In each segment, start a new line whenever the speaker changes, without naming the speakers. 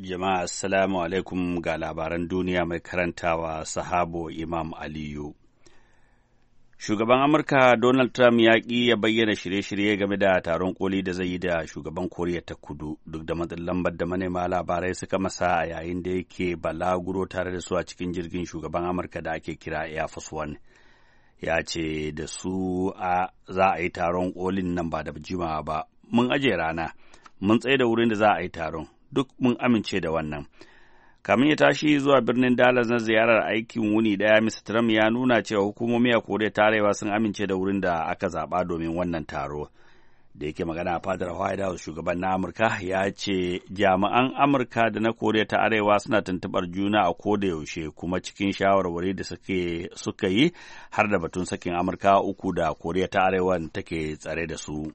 Jama'a Assalamu alaikum ga labaran duniya mai karantawa sahabo Imam Aliyu. Shugaban Amurka Donald Trump ya ƙi ya bayyana shirye-shirye game da taron koli da zai yi da shugaban Koriya ta kudu duk da matsin lambar da manema labarai suka masa a yayin da yake balaguro tare da su a cikin jirgin shugaban Amurka da ake kira Air Force One. Ya ce da su a za a yi taron kolin nan ba da jimawa ba, mun ajiye rana, mun tsaye da wurin da za a yi taron, duk mun amince da wannan. Kamin ya tashi zuwa birnin Dallas na ziyarar aikin wuni ɗaya, Mr. Trump ya nuna cewa hukumomi a Koriya ta Arewa sun amince da wurin da aka zaɓa domin wannan taro. Da yake magana a fadar White House shugaban na Amurka ya ce jami'an Amurka da na Koriya ta Arewa suna tuntuɓar juna a koda yaushe kuma cikin shawarwari da suka yi har da batun sakin Amurka uku da Koriya ta Arewa take tsare da su.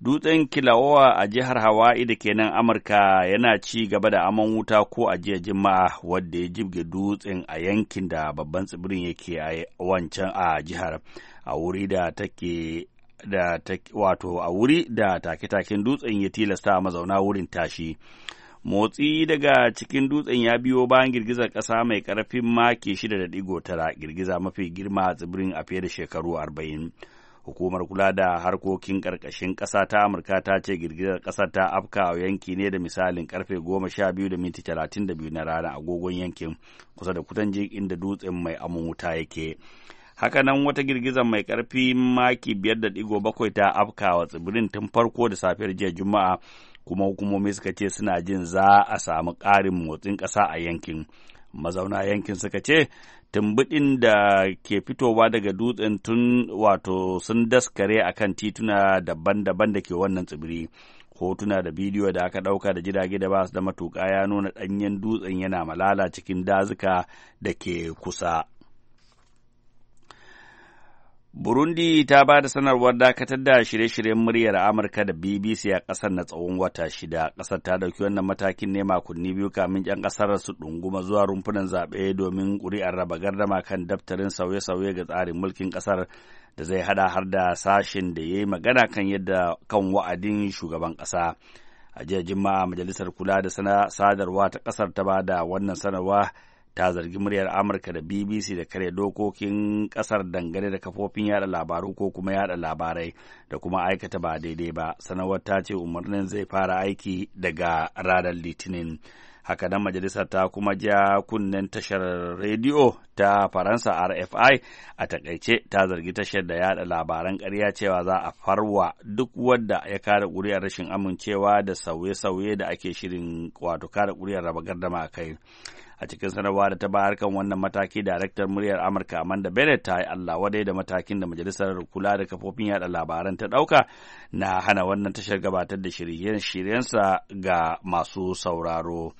Dutsen kilawa a jihar Hawaii da ke nan Amurka yana ci gaba da aman wuta ko a jiya Juma'a wadda ya jibge dutsen a yankin da babban tsibirin yake a wancan a jihar a wuri da take da wato a wuri da take-taken dutsen ya tilasta mazauna wurin tashi. motsi daga cikin dutsen ya biyo bayan girgizar ƙasa mai karfin maki 6.9 girgiza mafi girma a tsibirin a fiye da shekaru arba'in. hukumar kula da harkokin ƙarƙashin ƙasa ta amurka ta ce girgizar ƙasa ta afka a yanki ne da misalin karfe goma sha biyu da na rana agogon yankin kusa da kutanji inda dutsen mai amun wuta yake hakanan wata girgizar mai karfi maki biyar da digo bakwai ta afka wa tsibirin tun farko da safiyar jiya juma'a kuma hukumomi suka ce suna jin za a samu ƙarin motsin ƙasa a yankin mazauna yankin suka ce tumbudin da ke fitowa daga dutsen tun wato sun daskare a kan tituna daban-daban da ke wannan tsibiri hotuna da bidiyo da aka ɗauka da jirage da basu da matuka ya nuna ɗanyen dutsen yana malala cikin dazuka da ke kusa Burundi ta ba da sanarwar dakatar da shirye-shiryen muryar Amurka da BBC a ƙasar na tsawon wata shida. kasar ta ɗauki wannan matakin ne makonni biyu kamin 'yan ƙasar su ɗunguma zuwa rumfunan zaɓe domin ƙuri'ar raba gardama kan daftarin sauye-sauye ga tsarin mulkin ƙasar da zai hada har da sashen da ya yi magana kan yadda kan wa'adin shugaban ƙasa. A jiya Juma'a Majalisar Kula da Sadarwa ta ƙasar ta ba da wannan sanarwa ta zargi muryar Amurka da BBC da karya dokokin kasar dangane da kafofin yada labaru ko kuma yada labarai da kuma aikata ba daidai ba. Sanarwar ta ce umarnin zai fara aiki daga ranar Litinin. haka nan majalisar ta kuma ja kunnen tashar rediyo ta faransa rfi a takaice ta zargi tashar da yada labaran karya cewa za a farwa duk wadda ya kare ƙuri'ar rashin amincewa da sauye-sauye da ake shirin wato kada ƙuri'ar raba gardama a kai a cikin sanarwa da ta bayar kan wannan mataki daraktar muryar amurka amanda bennett ta yi allah wadai da matakin da majalisar kula da kafofin yada labaran ta ɗauka na hana wannan tashar gabatar da shirye-shiryensa ga masu sauraro.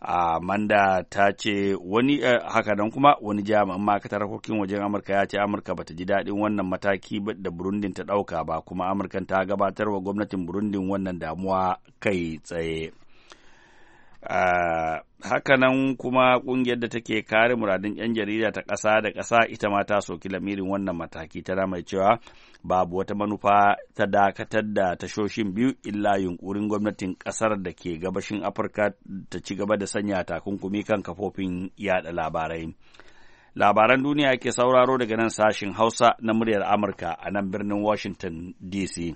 Amanda ta ce wani eh, haka nan kuma wani jami'in ma'aikatar harkokin wajen Amurka ya ce Amurka bata ji daɗin wannan mataki da Burundin ta ɗauka ba kuma Amurkan ta gabatar wa gwamnatin Burundin wannan damuwa kai tsaye. haka nan kuma kungiyar da take kare muradin 'yan jarida ta ƙasa da ƙasa ita ma ta soki lamirin wannan mataki tana mai cewa babu wata manufa ta dakatar da tashoshin biyu illa yunkurin gwamnatin ƙasar da ke gabashin afirka ta ci gaba da sanya takunkumi kan kafofin yada labarai labaran duniya ke sauraro daga nan sashin hausa na muryar amurka a nan birnin washington dc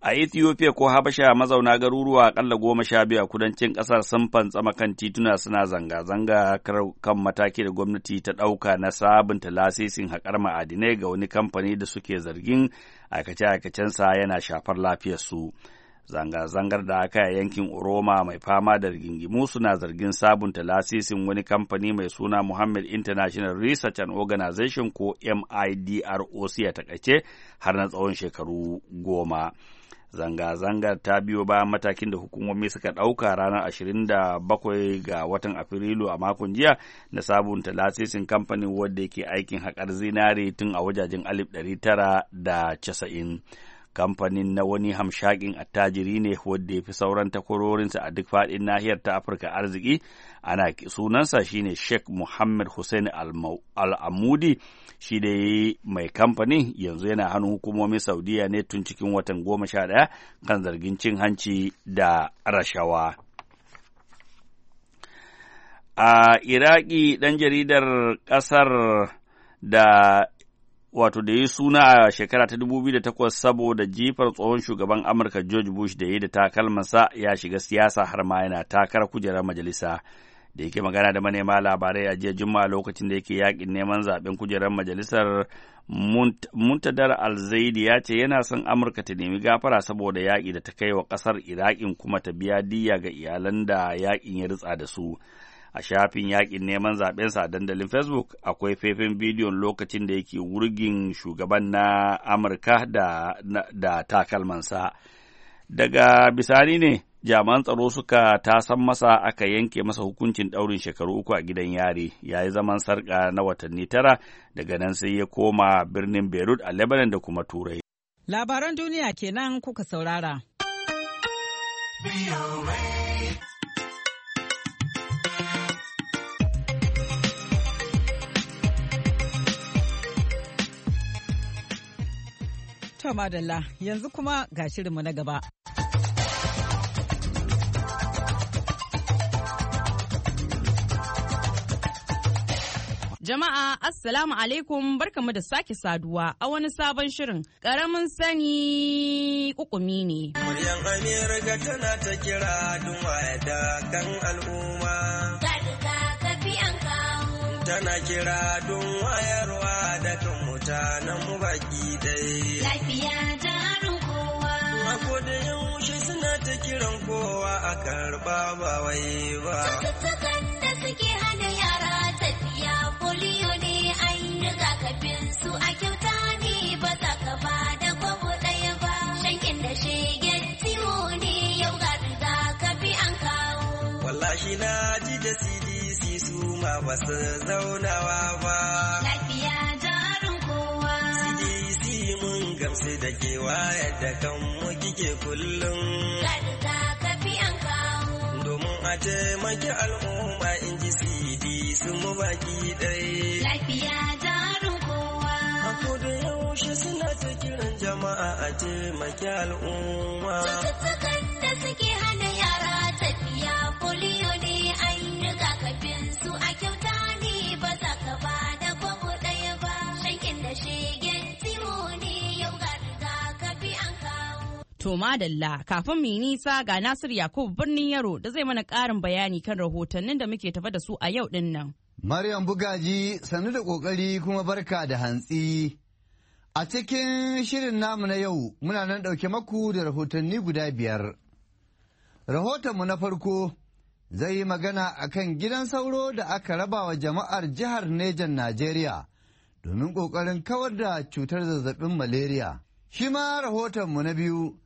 A Ethiopia ko Habasha mazauna garuruwa akalla goma sha biyu a kudancin ƙasar sun fantsama kan tituna suna zanga-zanga kan mataki da gwamnati ta ɗauka na sabunta lasisin haƙar ma'adinai ga wani kamfani da suke zargin aikace-aikacensa yana shafar lafiyarsu. Zanga-zangar da aka yi yankin Oroma mai fama da rigingimu suna zargin sabunta lasisin wani kamfani mai suna Muhammad International Research and Organization ko MIDROC a takaice har na tsawon shekaru goma. zanga-zangar ta biyo ba matakin da hukumomi suka ɗauka ranar 27 ga watan afrilu a makon jiya na sabunta lasisin kamfanin wadda ke aikin haƙar zinare tun a wajajen 1990 kamfanin na wani hamshakin attajiri ne wadda ya fi sauran takwarorinsa a duk faɗin nahiyar ta afirka arziki ana sunansa shine sheikh muhammad hussein al-amudi shi da yi mai kamfanin yanzu yana hannun hukumomin saudiya ne tun cikin watan goma sha ɗaya kan zargin cin hanci da rashawa a iraki ɗan jaridar ƙasar da wato da ya suna a shekara ta dubu biyu da takwas saboda jifar tsohon shugaban Amurka George Bush da ya da takalmasa ya shiga siyasa har ma yana takar kujerar majalisa. Da yake magana da manema labarai a jiya Juma'a lokacin da yake yakin neman zaben kujerar majalisar Muntadar Alzaidi ya ce yana son Amurka ta nemi gafara saboda yaƙi da ta kai wa ƙasar Iraƙin kuma ta biya diya ga iyalan da yaƙin ya ritsa da su. a shafin yakin neman zaɓensa a dandalin facebook akwai faifin bidiyon lokacin da yake wurgin shugaban na amurka da, da takalmansa daga bisani ne jami'an tsaro suka tasan masa aka yanke masa hukuncin ɗaurin shekaru uku a gidan yari, ya yi zaman sarƙa na watanni tara daga nan sai ya koma birnin beirut a lebanon da kuma turai
labaran duniya kenan kuka saurara. To madalla yanzu kuma ga shirinmu na gaba.
Jama'a Assalamu alaikum barkamu da sake saduwa a wani sabon shirin ƙaramin sani kukumi ne.
Muryan ga tana ta kira duma da kan al'umma.
Ka Tana
kira don wayarwa da mutanen baki dai.
Lafiya ta kowa.
Mako da yaushe suna ta kiran kowa a karɓa ba wai ba.
Cututtukan da suke hana yara tafiya foliyo ne an kafin su a kyauta ne ba za ka ba da gwabo ɗaya ba. Shankin da shegen ciwo ne yau ga rigakafi an kawo.
Wallahi na ji da CDC su ma ba su zaunawa ba. wayar da kan mu kike kullum
rigakafi an kawo
domin a taimaki al'umma in ji cd su mu baki ɗaya
lafiya jarin kowa a kudu yaushe suna ta kiran
jama'a a taimaki al'umma
To madalla kafin mu nisa ga Nasir Yakubu birnin Yaro da zai mana ƙarin bayani kan rahotannin da muke tafa da su a yau din nan.
Maryam Bugaji sanu da ƙoƙari kuma barka da hantsi. A cikin shirin namu na yau muna nan ɗauke maku da rahotanni guda biyar. Rahotonmu na farko zai yi magana a kan gidan sauro da aka raba wa jama'ar jihar Nejan Najeriya domin ƙoƙarin kawar da cutar zazzabin malaria. Shi ma rahotonmu na biyu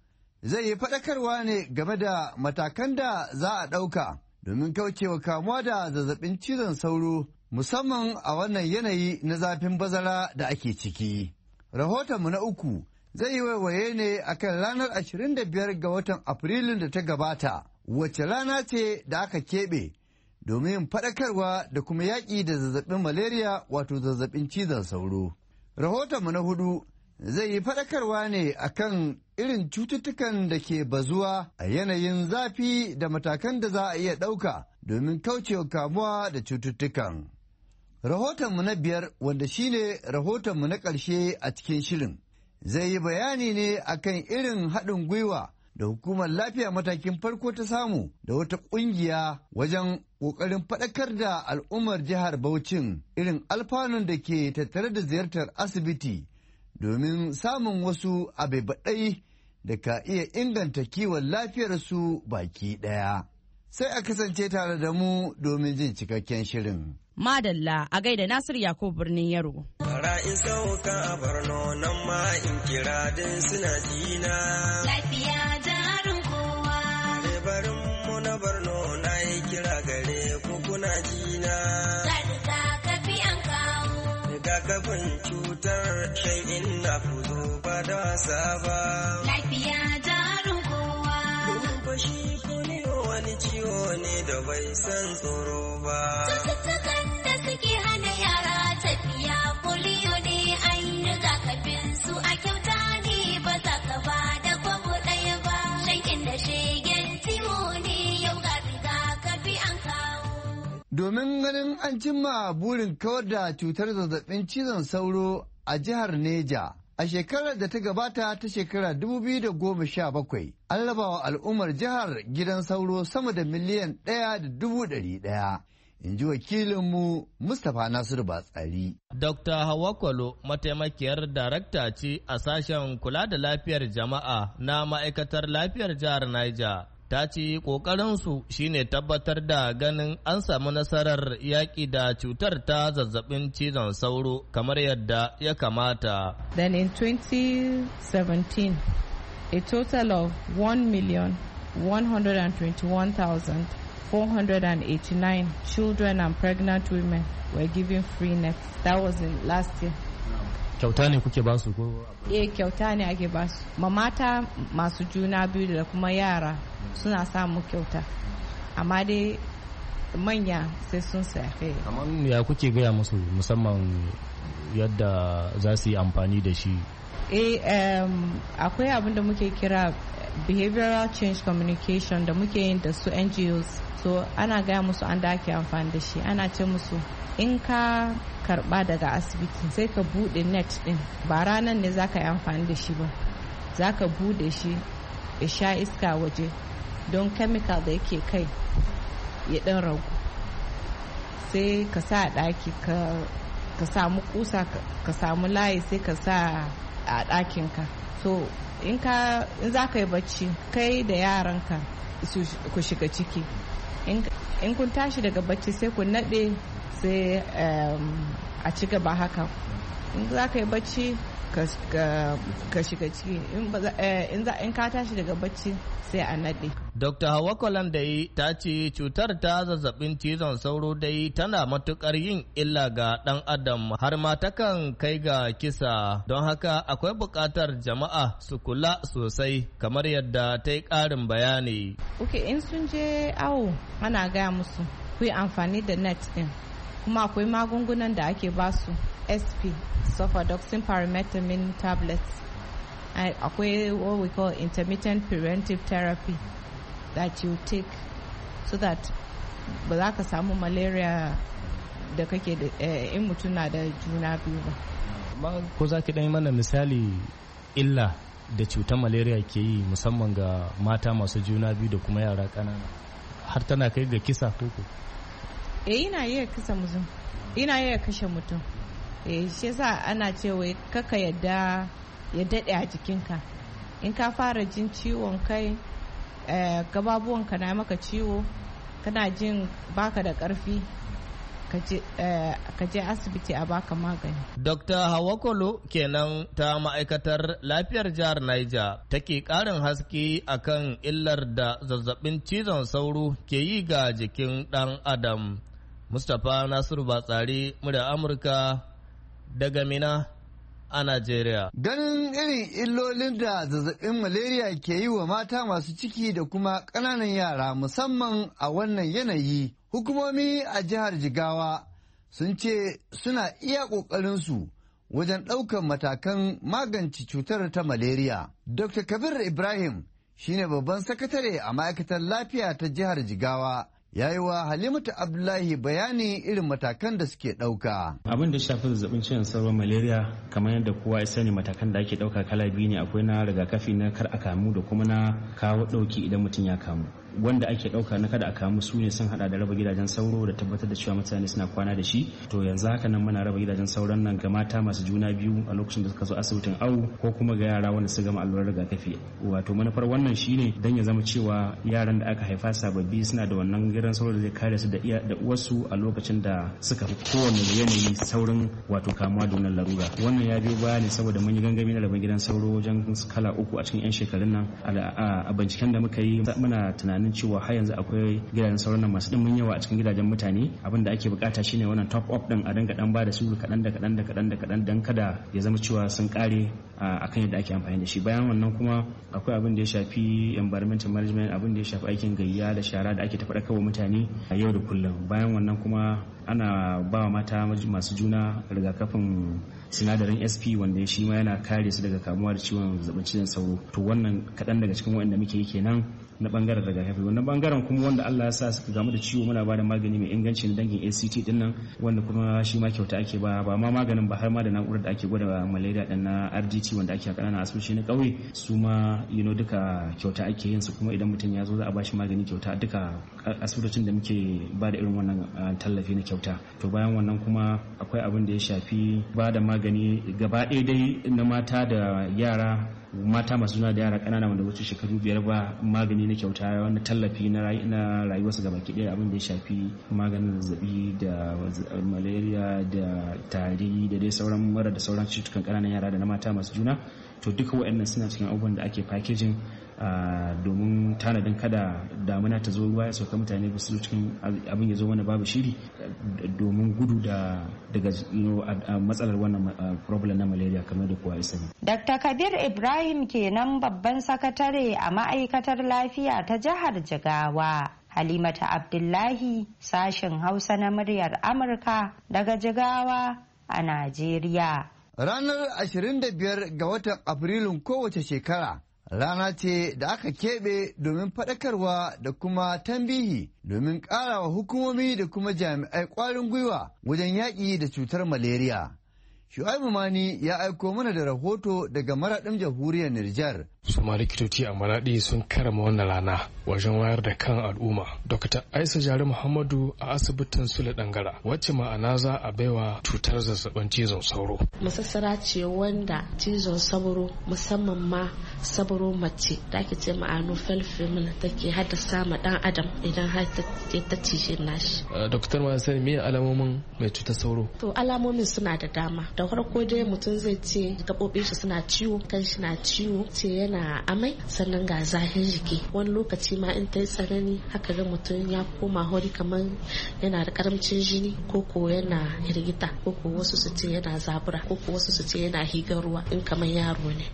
zai yi faɗakarwa ne game da matakan da za a ɗauka domin kaucewa kamuwa da zazzabin cizon sauro musamman a wannan yanayi na zafin bazara da ake ciki. Rahotonmu na uku zai yi waiwaye ne a kan ranar 25 ga watan Afrilun da ta gabata, wacce rana ce da aka keɓe domin faɗakarwa da kuma yaƙi da zazzabin malaria wato zazzabin cizon sauro. Rahotonmu na hudu zai yi faɗakarwa ne akan irin cututtukan da ke bazuwa a yanayin zafi da matakan da za a iya ɗauka domin kaucewa kamuwa da cututtukan. Rahotonmu na biyar wanda shi ne rahotonmu na ƙarshe a cikin shirin zai yi bayani ne akan irin haɗin gwiwa da hukumar lafiya matakin farko ta samu da wata ƙungiya wajen ƙoƙarin faɗakar da al'ummar jihar Bauchin irin alfanun da ke tattare da ziyartar asibiti domin samun wasu abebaɗai da ka iya inganta kiwon lafiyarsu baki ɗaya. Sai a kasance tare da mu domin jin cikakken shirin.
Madalla a gaida Nasir Yakubu birnin Yaro.
Bara sauka
a Borno nan ma
in kira din suna
jina. Lafiya. samun cutar shai na ku ba da wasa ba.
Lafiya ta rukowa.
Domin fashi ne wani ciwo ne da bai san tsoro ba.
Cututtukan da suke hana yara tafiya polio ne an rigakafin su a
domin ganin an cimma burin kawar da cutar zazzabin cizon sauro a jihar Neja. A shekarar da ta gabata ta shekara 2017, an raba wa al'ummar jihar gidan sauro sama da miliyan ɗaya da dubu ɗari ɗaya. In ji wakilinmu Mustapha Nasiru Batsari. Dr. Hawa Kwalo,
mataimakiyar darakta ce a sashen kula da lafiyar jama'a na ma'aikatar lafiyar jihar Niger. ta ce ƙoƙarinsu shine tabbatar da ganin an samu nasarar yaƙi da cutar ta zazzabin cizon sauro kamar yadda ya kamata.
Then in 2017, a total of 1,121,489 children and pregnant women were given free nets. That was in last year.
kyauta ne kuke basu ko
eh kyauta ne ake basu mamata masu juna biyu da kuma yara suna samu kyauta amma dai manya sai sun saya eh.
amma ya kuke gaya musu musamman yadda za su yi amfani da shi
eh akwai abin da muke kira behavioral change communication da muke yin da su ngos so ana gaya musu an da ake amfani da shi ana ce musu in ka karba daga asibiti sai ka bude net din ba ranar ne za ka yi amfani da shi ba za ka bude shi ya sha iska waje don chemical da yake kai ya ɗan ragu sai ka sa a ɗaki ka samu kusa ka samu layi sai ka sa a ɗakinka so in ka in za ka yi bacci kai da yaranka ku shiga ciki in kun tashi daga bacci sai ku naɗe sai a ci gaba haka in za ka yi bacci ka shiga ciki eh, in ka tashi daga bacci sai a naɗe.
Dr. Hawa Kwalandai ta ce cutar ta zazzabin cizon sauro dai tana matukar yin illa ga ɗan adam har ma takan kai ga kisa don haka akwai buƙatar jama'a su kula sosai kamar yadda ta yi ƙarin bayani.
Ok in sun je awo ana gaya musu ku amfani da net ɗin kuma akwai magungunan da ake basu. sp sulfadoxin pyrimethamine tablets akwai what we call intermittent preventive therapy that you take so that ba za ka samu malaria da kake eh, in mutum na da juna biyu
ba ko za ki ɗan mana misali illa da cutar malaria ke yi musamman ga mata masu juna biyu da kuma yara ƙanana har tana kai ga kisa koko
e eh, ina iya kisa mutum ina iya kashe mutum eh shi yasa ana cewa kaka yadda ya daɗe a jikinka in ka fara jin ciwon kai eh, gababuwanka na maka ciwo kana jin baka da karfi eh, ka je asibiti a baka magani.
Dr. Hawakolo kenan ta ma'aikatar lafiyar jihar Niger take ƙarin haske akan illar da zazzabin cizon sauro ke yi ga jikin ɗan Adam. Mustapha Nasiru Batsari, murya Amurka daga Mina a Najeriya.
Ganin irin illolin da zazzabin malaria ke yi wa mata masu ciki da kuma ƙananan yara musamman a wannan yanayi, hukumomi a jihar Jigawa sun ce suna iya ƙoƙarinsu wajen ɗaukar matakan magance cutar ta malaria. Dr. Kabir Ibrahim shine babban sakatare a ma'aikatar lafiya ta jihar Jigawa. ya yi wa Halimatu Abdullahi bayani irin matakan da suke ɗauka.
Abin da shafi zazzabin cizon sauro malaria kamar yadda kowa ya sani matakan da ake ɗauka kala biyu ne akwai na rigakafi na kar a kamu da kuma na kawo ɗauki idan mutum ya kamu. wanda ake ɗauka na kada a kamu su ne sun hada da raba gidajen sauro da tabbatar da cewa mutane suna kwana da shi to yanzu haka nan muna raba gidajen sauron nan ga mata masu juna biyu a lokacin da suka zo asibitin au ko kuma ga yara wanda su gama allurar rigakafi wato manufar wannan shine dan ya zama cewa yaran da aka haifa sababbi suna da wannan gidan sauro da zai kare su da iya da uwarsu a lokacin da suka fi kowane yanayi saurin wato kamuwa da wannan larura wannan ya biyo baya ne saboda mun yi gangami na raba gidan sauro wajen kala uku a cikin 'yan shekarun nan a binciken da muka yi muna tunanin tunanin cewa har yanzu akwai gidajen sauran masu dimin yawa a cikin gidajen mutane abin da ake bukata shine wannan top up din a dinga dan ba da su kadan da kadan da kadan da kadan dan kada ya zama cewa sun kare akan yadda ake amfani da shi bayan wannan kuma akwai abin da ya shafi environmental management abin da ya shafi aikin gayya da shara da ake tafi kawo mutane a yau da kullum bayan wannan kuma ana ba mata masu juna rigakafin sinadarin sp wanda shi ma yana kare su daga kamuwa da ciwon zazzabin cizon sauro to wannan kaɗan daga cikin waɗanda muke yi kenan na bangaren rigakafi wannan bangaren kuma wanda Allah ya sa suka gamu da ciwo muna bada magani mai inganci na dangin ACT din nan wanda kuma shi ma kyauta ake ba ba ma maganin ba har ma da na'urar da ake gwada malaria din na RGT wanda ake a kananan na kauye su ma you know duka kyauta ake yin su kuma idan mutum ya zo za a ba shi magani kyauta duka asibitocin da muke ba da irin wannan ah, tallafi na kyauta to bayan wannan kuma akwai abin da ya shafi ba da magani gaba ɗaya dai na mata da yara mata masu juna da yara ƙanana wanda wuce shekaru biyar ba magani na kyauta wanda tallafi na rayuwarsu gaba da abin da ya shafi maganin zazzabi da malaria da tari da dai sauran mara da sauran cututtukan ƙananan yara da na mata masu juna to duka waɗannan suna cikin abubuwan da ake fakejin domin tanadin kada damuna ta zo ruwa ya sauka mutane ba su cikin abin ya zo mana babu shiri domin gudu da daga matsalar wannan problem na malaria kamar da kowa ne.
Dr. Kabir Ibrahim kenan babban sakatare a ma'aikatar lafiya ta jihar Jigawa. Halimata Abdullahi sashen Hausa na muryar Amurka daga Jigawa a
Najeriya. Ranar 25 ga watan Afrilun kowace shekara rana ce da aka keɓe domin faɗakarwa da kuma tambihi domin ƙarawa hukumomi da kuma jami'ai ƙwarin gwiwa wajen yaƙi da cutar malaria. Shu'aibu Mani ya aiko mana da rahoto daga maraɗin jamhuriyar Nijar
su ma likitoci a maraɗi sun karama wannan rana wajen wayar da kan al'umma dr aisa jari muhammadu a asibitin sule dangara wacce ma'ana za a baiwa cutar zazzabin cizon sauro
masassara ce wanda cizon sauro musamman ma sauro mace da ake ce ma'anu felfemin ke haddasa ma dan adam idan har ta cije nashi
doktor ma sani me alamomin mai cutar sauro
to alamomin suna da dama da farko dai mutum zai ce gaɓoɓin shi suna ciwo kan shi na ciwo ce yana amai sannan ga zahin jiki wani lokaci ma in ta yi tsanani haka ga mutum ya koma hori kamar yana da karamcin jini ko ko yana hirgita ko ko wasu su ce yana zabura ko ko wasu su ce yana higar ruwa in kamar yaro ne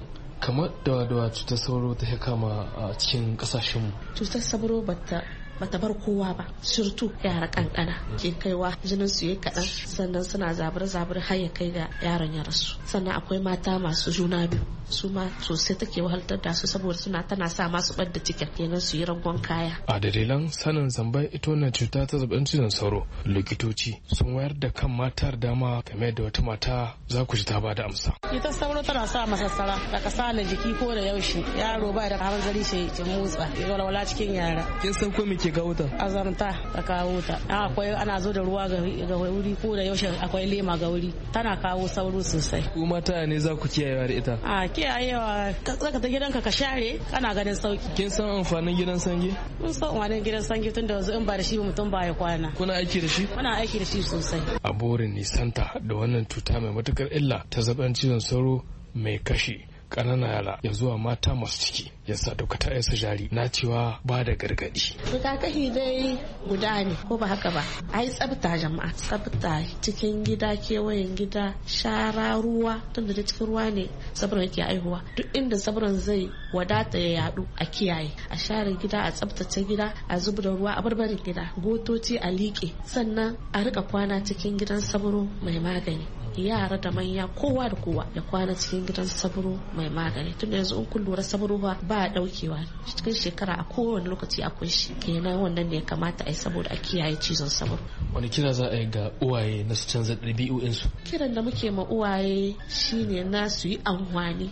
kamar dawa-dawa cutar sauro ta kama a cikin kasashenmu
cutar sauro bata bata bar kowa ba surtu yara kankana ke kaiwa jinin su yayi kaɗan sannan suna zabar zabar har ya kai ga yaron ya rasu sannan akwai mata masu juna biyu su ma sosai take wahaltar da su saboda suna tana sa masu ɓadda cikin kenan su yi ragon kaya
a dalilan sanin zamban ita wannan cuta ta zaɓen cizon sauro likitoci sun wayar da kan matar dama game da wata mata za ku ji ta ba da amsa
ita sauro tana sa masassara da kasa na jiki ko da yaushe yaro ba da zari shi ya motsa ya walwala cikin yara
kin san ko ke kawo ta
azamta
ta kawo ta ah, akwai ana zo da ruwa ga wuri ko da yaushe akwai lema ga wuri tana kawo sauro sosai
ku mata ne za ku kiyayewa da ita
a ah, kiyayewa ka tsaka ta gidanka ka share kana ganin sauki
kin san amfanin gidan sange
mun san amfanin gidan sange tun da yanzu in ba da shi mutum ba ya kwana kuna aiki da shi muna aiki da shi sosai
a burin nisanta da wannan cuta mai matukar illa ta zaban cizon sauro mai kashe Ƙanana yara ya zuwa mata masu ciki ya sa duka ta yasa jari na cewa ba da gargaɗi.
rigakafi dai guda ne ko ba haka ba a yi tsabta jama'a tsabta cikin gida kewayen gida shara ruwa tunda da cikin ruwa ne sabron yake aihuwa duk inda sabron zai wadata ya yadu a kiyaye a share gida a tsabtace gida a zuba da ruwa a barbarin gida gotoci a liƙe sannan a rika kwana cikin gidan sabro mai magani yara da manya kowa da kowa ya kwana cikin gidan saburo mai magani tun yanzu in kun lura saburo ba daukewa cikin shekara a kowane lokaci akwai shi kenan wannan ne ya kamata a yi
saboda a kiyaye cizon saburo wani kira za a yi ga uwaye na su canza ɗabi'uinsu
kiran da muke ma uwaye shine na su yi amfani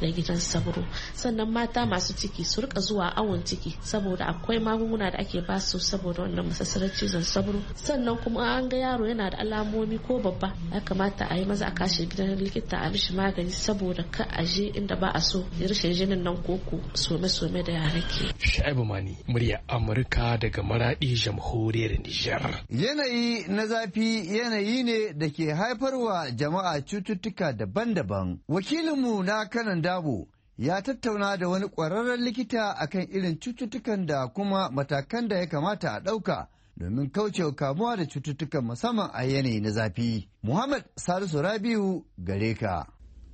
da gidan sabro sannan mata masu ciki su rika zuwa awon ciki saboda akwai magunguna da ake ba su saboda wannan masasarar cizon sabro sannan kuma an ga yaro yana da alamomi ko babba ya kamata a yi maza a kashe gidan likita a mishi magani saboda ka a je inda ba a so ya rushe jinin nan
koko some-some da yare ke.
Shaibu Mani, murya Amurka daga maraɗi
jamhuriyar
Nijar.
Yanayi na zafi yanayi ne da ke haifarwa jama'a cututtuka daban-daban. Wakilinmu na da Dabo ya tattauna da wani ƙwararren likita akan irin cututtukan da kuma matakan da ya kamata a ɗauka domin kaucewa kamuwa da cututtukan musamman a yanayi na zafi. Muhammad Salisu Rabiu gare ka.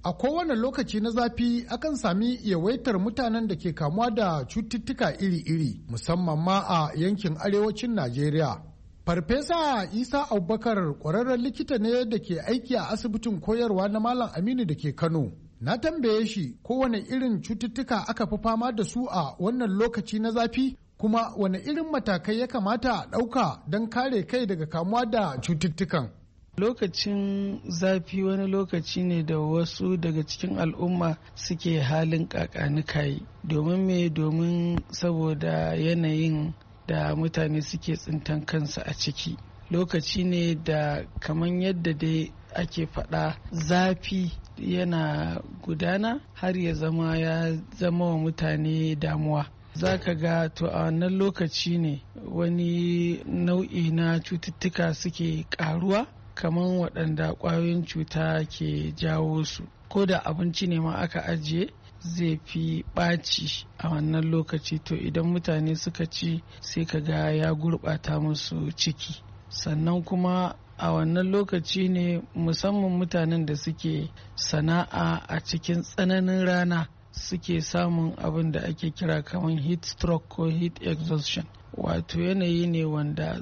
A kowane lokaci na zafi akan sami yawaitar
mutanen da ke kamuwa da cututtuka iri-iri musamman ma a yankin arewacin Najeriya. Farfesa Isa Abubakar ƙwararren likita ne da ke aiki a asibitin koyarwa na Malam Aminu da ke Kano. Na tambaye shi kowane irin cututtuka aka fi fama da su a wannan lokaci na zafi kuma wane irin matakai ya kamata a ɗauka don kare kai daga kamuwa da cututtukan. Lokacin zafi
wani lokaci ne da wasu daga cikin al'umma suke halin kakanikai domin me domin saboda yanayin da mutane suke tsintan kansu a ciki. Lokaci ne da kamar yadda dai ake faɗa zafi yana gudana har ya zama ya zama wa mutane damuwa za ka ga to a wannan lokaci ne wani nau'i na cututtuka suke karuwa kamar waɗanda ƙwayoyin cuta ke jawo su ko da abinci ne ma aka ajiye zai fi ɓaci a wannan lokaci to idan mutane suka ci sai ka ga ya gurɓata musu ciki sannan kuma a wannan lokaci ne musamman mutanen da suke sana'a a cikin tsananin rana suke samun abin da ake kira kamar heat stroke ko heat exhaustion wato yanayi ne wanda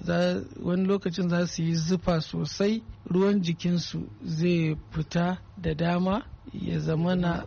wani lokacin za su yi zufa sosai ruwan jikinsu zai fita da dama ya zamana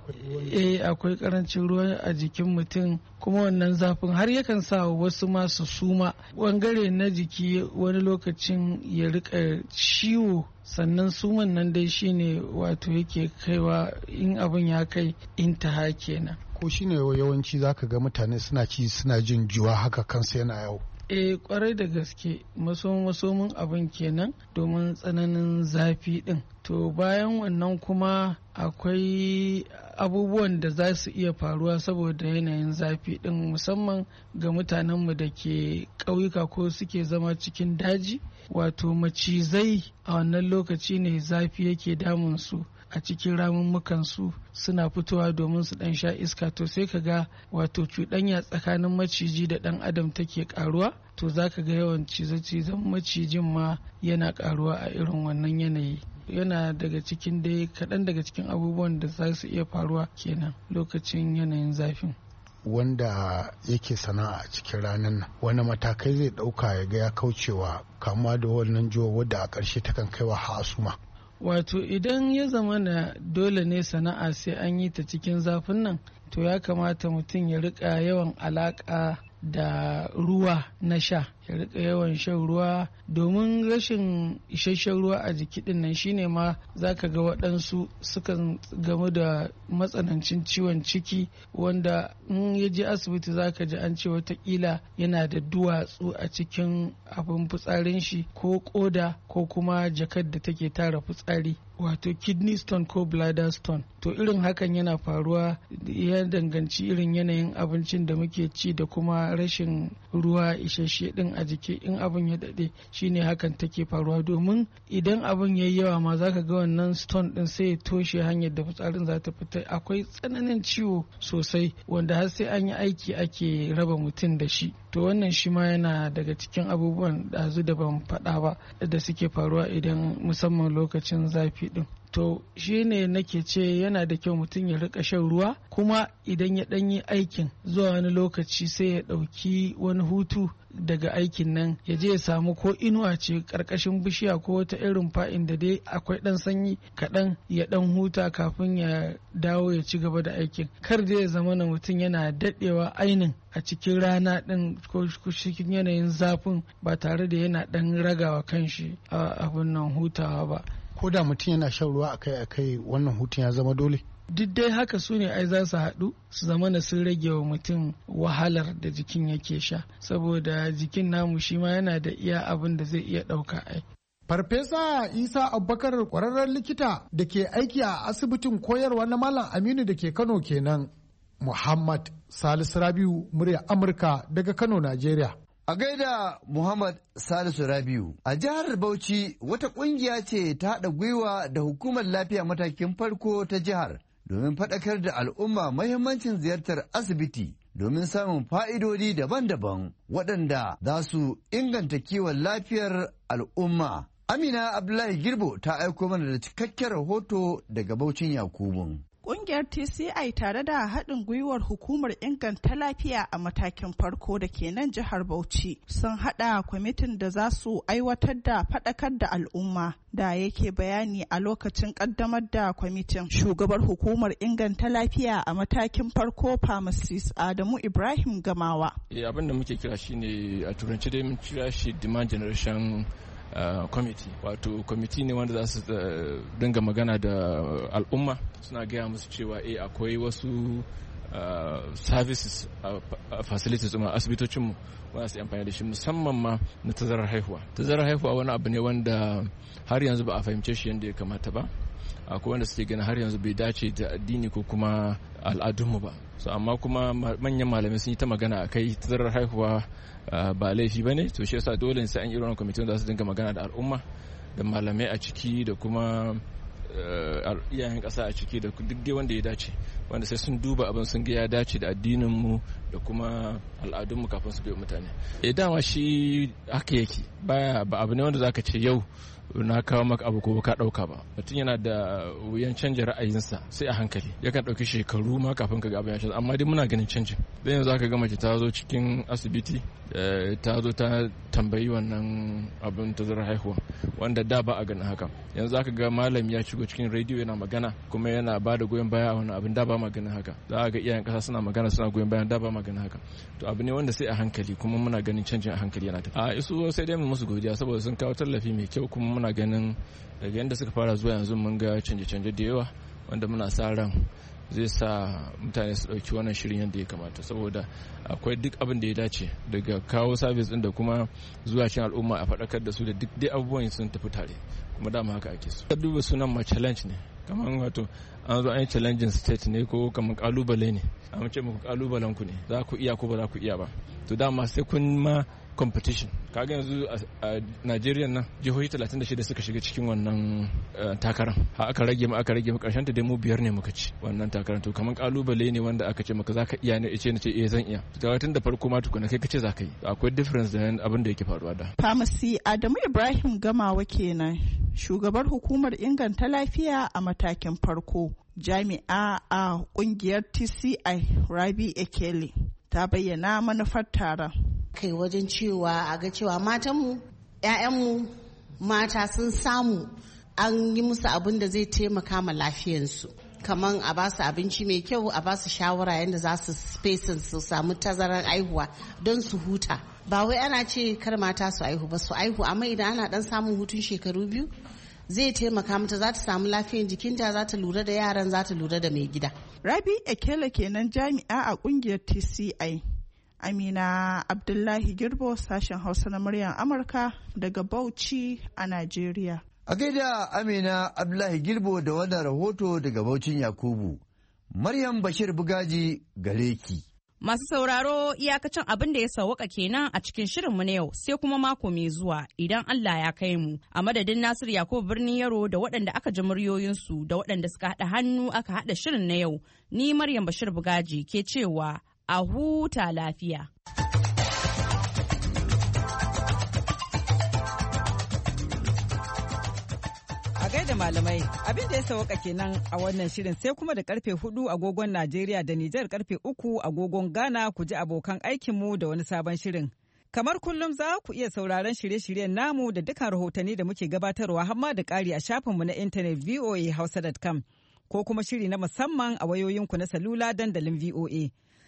eh akwai karancin ruwa a jikin mutum kuma wannan zafin har yakan sa wasu masu suma ɓangare na jiki wani lokacin ya riƙa ciwo sannan suman nan dai shine wato yake kaiwa in abin ya kai intaha kenan
ko shine yawanci zaka ga mutane suna ci suna jin juwa haka kansa yana yau
e eh, kwarai da gaske maso masomin abin kenan domin tsananin zafi din to bayan wannan kuma akwai abubuwan da za su iya faruwa saboda yanayin zafi ɗin musamman ga mutanenmu da ke ƙauyuka ko suke zama cikin daji wato macizai a wannan lokaci ne zafi yake damunsu a cikin ramin su suna fitowa domin su ɗan sha iska to sai ka ga wato cuɗanya tsakanin maciji da ɗan adam take ƙaruwa to za ka ga yawan cizo-cizon macijin ma yana ƙaruwa a irin wannan yanayi yana daga cikin dai kaɗan daga cikin abubuwan da za su iya faruwa kenan lokacin yanayin zafin
wanda yake sana'a a cikin ranar nan wani matakai zai ɗauka ya ga ya kaucewa kama da wannan jiwa wadda a ƙarshe takan kaiwa hasuma
wato idan ya zama na dole ne sana'a sai an yi ta cikin zafin nan to ya kamata mutum ya riƙa yawan alaƙa da ruwa na sha ya rika yawan shan ruwa domin rashin isasshen ruwa a jiki din nan shine ma za ka ga waɗansu sukan gamu da matsanancin ciwon ciki wanda in ya je asibiti za ka ji an ce watakila yana da duwatsu a cikin abin fitsarin shi ko koda ko kuma jakar da take tara fitsari wato kidney stone ko bladder stone to irin hakan yana faruwa ya danganci irin yanayin abincin da muke ci da kuma rashin ruwa isasshe din a jiki in abin ya daɗe shine hakan take faruwa domin idan abin ya yi yawa ma za ka ga wannan stone din sai ya toshe hanyar da fitsarin za ta fita akwai tsananin ciwo sosai wanda har sai an yi aiki ake raba mutum da shi to wannan shi ma yana daga cikin abubuwan ɗazu da ban faɗa ba da suke faruwa idan musamman lokacin zafi ɗin to shi shine nake ce yana da kyau mutum ya rika shan ruwa kuma idan ya yi aikin zuwa wani lokaci sai ya ɗauki wani hutu daga aikin nan ya je ya samu ko inuwa ce karkashin bishiya ko wata irin fa'in da dai akwai dan sanyi kaɗan ya dan huta kafin ya dawo ya ci gaba da aikin kar dai ya zama na mutum yana daɗewa ainin a cikin rana ɗin ko cikin yanayin zafin ba tare da yana ɗan ragawa kanshi a abin nan hutawa ba ko da mutum yana shan ruwa
akai-akai wannan hutun ya zama dole
duk dai haka su ne ai za su haɗu su zama na sun rage wa mutum wahalar da jikin yake sha saboda jikin namu shi ma yana da
iya abin da zai iya ɗauka ai Farfesa Isa Abubakar ƙwararren likita da ke aiki a asibitin koyarwa na Malam Aminu da ke Kano kenan. Muhammad
Salisu Rabiu murya Amurka daga Kano, Najeriya. A gaida Muhammad Salisu Rabiu, a jihar Bauchi wata ƙungiya ce ta haɗa gwiwa da hukumar lafiya matakin farko ta jihar domin faɗakar da al'umma mahimmancin ziyartar asibiti domin samun fa'idodi daban-daban waɗanda za su inganta kiwon lafiyar al'umma. Amina Abdullahi Girbo ta aiko mana da cikakken rahoto daga Bauchin Yakubu.
Ƙungiyar TCI tare da haɗin gwiwar hukumar inganta lafiya a matakin farko da ke nan jihar Bauchi sun haɗa kwamitin da za su aiwatar da faɗakar da al'umma da yake bayani a lokacin ƙaddamar da kwamitin. Shugabar hukumar inganta lafiya a matakin farko pharmacist Adamu Ibrahim Gamawa.
Eh, abin da muke kira shine a turanci dai mun kira shi demand generation Uh, committee wato committee ne wanda za su uh, dinga magana da al'umma suna gaya musu cewa eh akwai wasu uh, services facilities a asibitocinmu wanda su amfani da shi musamman ma na tazarar haihuwa tazarar haihuwa wani abu ne wanda har yanzu ba a fahimce shi yadda ya kamata ba akwai wanda suke ganin har yanzu bai dace da addini ko kuma al'adunmu ba so amma kuma manyan malamai sun yi ta magana a kai tazarar haihuwa ba laifi ba ne to shi yasa dole sai an yi wani kwamitin da su dinga magana da al'umma da malamai a ciki da kuma iyayen ƙasa a ciki da duk dai wanda ya dace wanda sai sun duba abin sun ga ya dace da addininmu da kuma al'adunmu kafin su bai mutane e dama shi haka yake baya ba abu ne wanda zaka ce yau na kawo maka abu ko ka ɗauka ba mutum yana da wuyan canja ra'ayinsa sai a hankali yakan ɗauki shekaru ma kafin ka ga abin ya canza amma dai muna ganin canjin dan yanzu aka ga mace ta zo cikin asibiti eh, ta zo ta tambayi wannan abin zara haihuwa wanda da ba a ganin haka yanzu aka ga malami ya shigo cikin rediyo yana magana kuma yana ba da goyon baya a wani abin da ba ma ganin haka za a ga iyayen kasa suna magana suna goyon baya da ba ma ganin haka to abu ne wanda sai a hankali kuma muna ganin canjin a hankali yana tafiya a isu sai dai mu musu godiya saboda sun kawo tallafi mai kyau kuma muna ganin daga yadda suka fara zuwa yanzu mun ga canje-canje da yawa wanda muna sa ran zai sa mutane su ɗauki wannan shirin yadda ya kamata saboda akwai duk abin da ya dace daga kawo sabis ɗin da kuma zuwa cin al'umma a faɗakar da su da duk dai abubuwan sun tafi tare kuma dama haka ake su duba sunan ma challenge ne kamar wato an zo an yi challenging state ne ko kamar kalubale ne an ce muku kalubalen ku ne za ku iya ko ba za ku iya ba to dama sai kun ma competition kaga yanzu a Najeriya na jihohi 36 suka shiga cikin wannan eh, takarar ha aka rage mu aka rage mu karshen ta dai mu biyar ne muka ci wannan takarar to kaman kalubale ne wanda aka ce maka zaka iya ne ce na ce eh zan iya ga tun da farko ma tukuna kai kace zaka yi akwai difference da abin da yake faruwa da
pharmacy Adamu Ibrahim Gamawa kenan shugabar hukumar inganta lafiya a matakin farko jami'a a kungiyar TCI Rabi
Ekele ta bayyana manufar taron kai wajen cewa a ga cewa matanmu 'ya'yanmu mata sun samu an yi musu abin da zai taimaka ma lafiyansu kamar a ba su abinci mai kyau a ba su shawara yadda za su spacing su samu tazarar aihuwa don su huta ba wai ana ce kar mata su aihu ba su aihu amma idan ana dan samun hutun shekaru biyu zai taimaka mata za ta samu lafiyan jikinta za ta lura da yaran za ta lura da mai gida rabi ekele kenan jami'a a kungiyar
tci Amina Abdullahi Girbo sashen Hausa na muryar Amurka daga Bauchi a Najeriya.
A gaida Amina Abdullahi Girbo da wannan rahoto daga Baucin Yakubu. Maryam Bashir Bugaji gare
Masu sauraro iyakacin abin da ya sauwaka kenan a cikin shirin mu na yau sai kuma mako mai zuwa idan Allah ya kai mu. A madadin Nasir Yakubu birnin Yaro da waɗanda aka ji muryoyinsu da waɗanda suka haɗa hannu aka haɗa shirin na yau. Ni Maryam Bashir Bugaji ke cewa a huta lafiya. A
gaida malamai abin da ya sauka kenan a wannan shirin sai kuma da karfe hudu agogon Najeriya da Nijar karfe uku agogon Ghana ku ji abokan aikinmu da wani sabon shirin. Kamar kullum za ku iya sauraron shirye-shiryen namu da dukkan rahotanni da muke gabatarwa hamma da ƙari a shafinmu na intanet voahausa.com ko kuma shiri na musamman a wayoyinku na salula dandalin VOA.